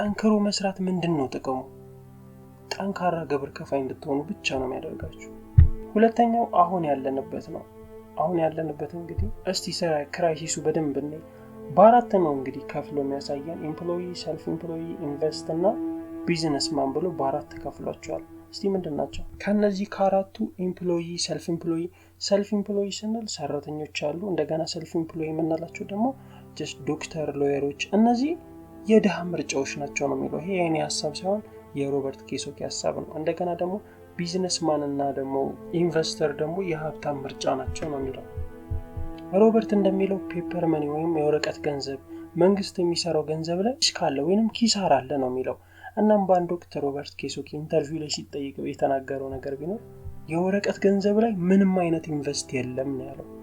ጠንክሮ መስራት ምንድን ነው ጥቅሙ? ጠንካራ ግብር ከፋይ እንድትሆኑ ብቻ ነው የሚያደርጋችሁ። ሁለተኛው አሁን ያለንበት ነው። አሁን ያለንበት እንግዲህ እስቲ ስራ ክራይሲሱ በደንብ እናይ። በአራት ነው እንግዲህ ከፍሎ የሚያሳየን ኤምፕሎይ፣ ሰልፍ ኤምፕሎይ፣ ኢንቨስት እና ቢዝነስማን ብሎ በአራት ተከፍሏቸዋል። እስቲ ምንድን ናቸው ከእነዚህ ከአራቱ? ኤምፕሎይ፣ ሰልፍ ኤምፕሎይ። ሰልፍ ኤምፕሎይ ስንል ሰራተኞች አሉ። እንደገና ሰልፍ ኤምፕሎይ የምንላቸው ደግሞ ጀስት ዶክተር፣ ሎየሮች እነዚህ የድሃ ምርጫዎች ናቸው ነው የሚለው። ይሄ የኔ ሀሳብ ሳይሆን የሮበርት ኬሶኪ ሀሳብ ነው። እንደገና ደግሞ ቢዝነስማን እና ደግሞ ኢንቨስተር ደግሞ የሀብታም ምርጫ ናቸው ነው የሚለው። ሮበርት እንደሚለው ፔፐር መኒ ወይም የወረቀት ገንዘብ መንግስት የሚሰራው ገንዘብ ላይ እስካለ ወይንም ኪሳር አለ ነው የሚለው። እናም በአንድ ወቅት ሮበርት ኬሶኪ ኢንተርቪው ላይ ሲጠይቀው የተናገረው ነገር ቢኖር የወረቀት ገንዘብ ላይ ምንም አይነት ኢንቨስት የለም ነው ያለው።